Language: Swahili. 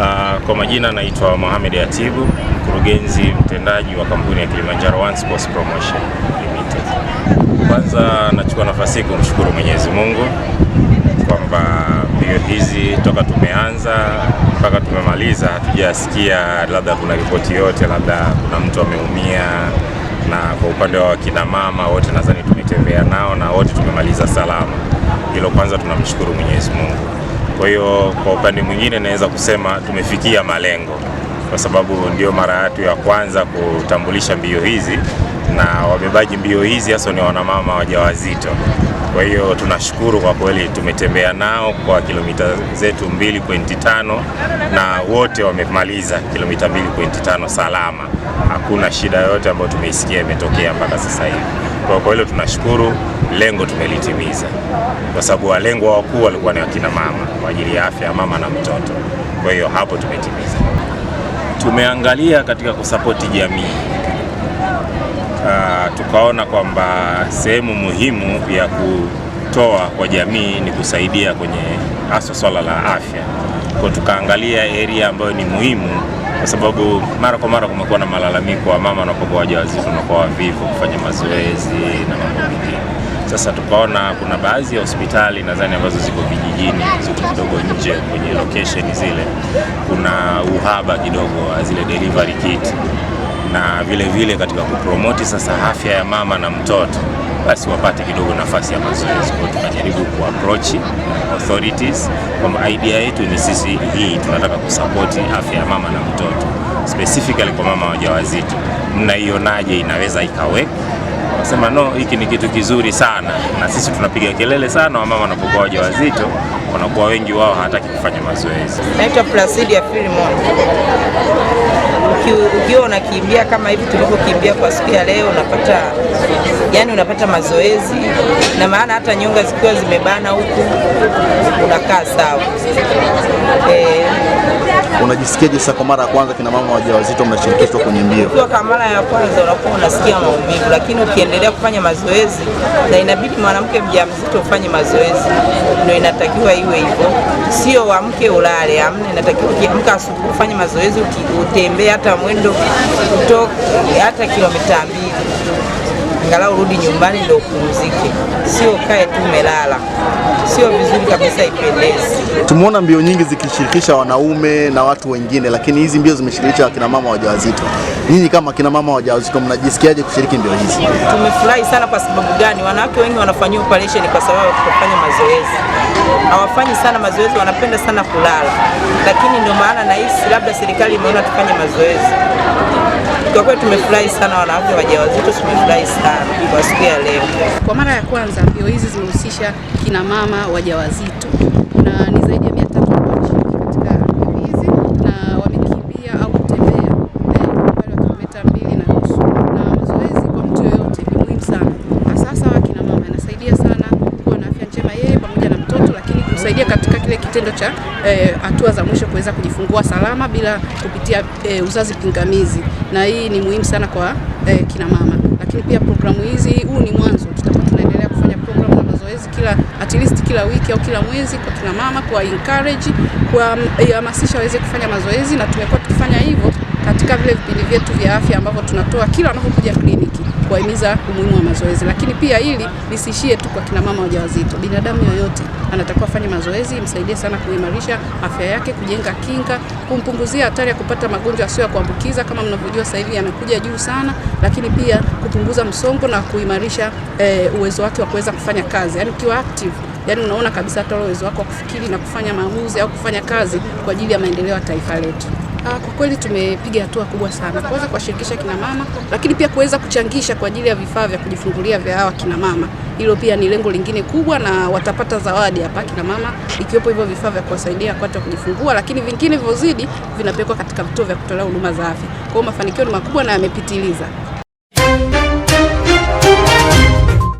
Uh, kwa majina naitwa Mohamed Atibu, mkurugenzi mtendaji wa kampuni ya Kilimanjaro One Sports Promotion Limited. Kwanza nachukua nafasi hii kumshukuru Mwenyezi Mungu kwamba mbio hizi toka tumeanza mpaka tumemaliza hatujasikia labda kuna ripoti yote, labda kuna mtu ameumia. Na kwa upande wa kina mama wote nadhani tumetembea nao na wote tumemaliza salama. Hilo kwanza tunamshukuru Mwenyezi Mungu. Kwa hiyo kwa upande mwingine naweza kusema tumefikia malengo, kwa sababu ndio mara yetu ya kwanza kutambulisha mbio hizi na wabebaji mbio hizi hasa ni wanamama wajawazito. Kwa hiyo tunashukuru kwa kweli, tumetembea nao kwa kilomita zetu 2.5 na wote wamemaliza kilomita 2.5 salama. Hakuna shida yoyote ambayo tumeisikia imetokea mpaka sasa hivi. Kwa kwa hilo tunashukuru, lengo tumelitimiza, kwa sababu walengwa wakuu walikuwa ni akina mama kwa ajili ya afya ya mama na mtoto. Kwa hiyo hapo tumetimiza. Tumeangalia katika kusapoti jamii uh, tukaona kwamba sehemu muhimu ya kutoa kwa jamii ni kusaidia kwenye hasa swala la afya, kwa tukaangalia area ambayo ni muhimu kwa sababu mara kwa mara kumekuwa na malalamiko wa mama wanapokuwa wajawazito kwa wavivu kufanya mazoezi na mambo mengine. Sasa tukaona kuna baadhi ya hospitali nadhani ambazo ziko vijijini, ziko kidogo nje kwenye location zile, kuna uhaba kidogo wa zile delivery kit na vilevile vile katika kupromoti sasa afya ya mama na mtoto basi wapate kidogo nafasi ya mazoezi. Kwa tunajaribu ku approach authorities kwamba idea yetu ni sisi, hii tunataka kusapoti afya ya mama na mtoto, specifically kwa mama wajawazito, mnaionaje inaweza ikawe Wasema no, hiki ni kitu kizuri sana, na sisi tunapiga kelele sana. Wamama wanapokuwa wajawazito, wanakuwa wengi wao hawataki kufanya mazoezi. Naitwa Placidia Filimon ukiwa unakimbia kama hivi tulivyokimbia kwa siku ya leo, unapata yani, unapata mazoezi na maana, hata nyonga zikiwa zimebana huku unakaa sawa eh, unajisikiaje sasa kwa mara ya kwanza kina mama wajawazito mnashirikishwa kwenye mbio? Kwa mara ya kwanza unakuwa unasikia maumivu, lakini ukiendelea kufanya mazoezi, na inabidi mwanamke mjamzito ufanye mazoezi, ndio inatakiwa iwe hivyo, sio uamke ulale. Amna, inatakiwa ukiamka asubuhi ufanye mazoezi, utembee hata mwendo kutoka hata kilomita mbili angalau rudi nyumbani ndio upumzike, sio kae tu umelala, sio vizuri kabisa, ipendezi. Tumeona mbio nyingi zikishirikisha wanaume na watu wengine, lakini hizi mbio zimeshirikisha akina mama wajawazito. Nyinyi kama akina mama wajawazito mnajisikiaje kushiriki mbio hizi? Tumefurahi sana. Kwa sababu gani? Wanawake wengi wanafanyiwa operation kwa sababu kufanya mazoezi, hawafanyi sana mazoezi, wanapenda sana kulala, lakini ndio maana nahisi labda serikali imeona tufanye mazoezi kwa kweli tumefurahi sana, wanawake wajawazito tumefurahi sana kwa siku ya leo. Kwa mara ya kwanza mbio hizi zimehusisha kina mama wajawazito. kitendo cha eh, hatua e, za mwisho kuweza kujifungua salama bila kupitia e, uzazi pingamizi, na hii ni muhimu sana kwa e, kina mama. Lakini pia programu hizi, huu ni mwanzo, tutakuwa tunaendelea kufanya programu na mazoezi kila at least kila wiki au kila mwezi kina mama, kuwa encourage, kuwahamasisha waweze kufanya mazoezi, na tumekuwa tukifanya hivyo katika vile vipindi vyetu vya afya ambavyo tunatoa kila wanapokuja kliniki kuwahimiza umuhimu wa mazoezi. Lakini pia hili lisiishie tu kwa kina mama wajawazito, binadamu yoyote anatakiwa afanye mazoezi, msaidie sana kuimarisha afya yake, kujenga kinga, kumpunguzia hatari ya kupata magonjwa yasiyo ya kuambukiza. Kama mnavyojua sasa hivi yanakuja juu sana, lakini pia kupunguza msongo na kuimarisha e, uwezo wake wa kuweza kufanya kazi, yani ukiwa active yani unaona kabisa hata uwezo wako wa kufikiri na kufanya maamuzi au kufanya kazi kwa ajili ya maendeleo ya taifa letu. Ah, kwa kweli tumepiga hatua kubwa sana kuweza kuwashirikisha kina mama, lakini pia kuweza kuchangisha kwa ajili ya vifaa vya kujifungulia vya hawa kina mama. Hilo pia ni lengo lingine kubwa, na watapata zawadi hapa kina mama, ikiwepo hivyo vifaa vya kuwasaidia wakati wa kujifungua, lakini vingine vilivyozidi vinapelekwa katika vituo vya kutolea huduma za afya. Kwa hiyo mafanikio ni makubwa na yamepitiliza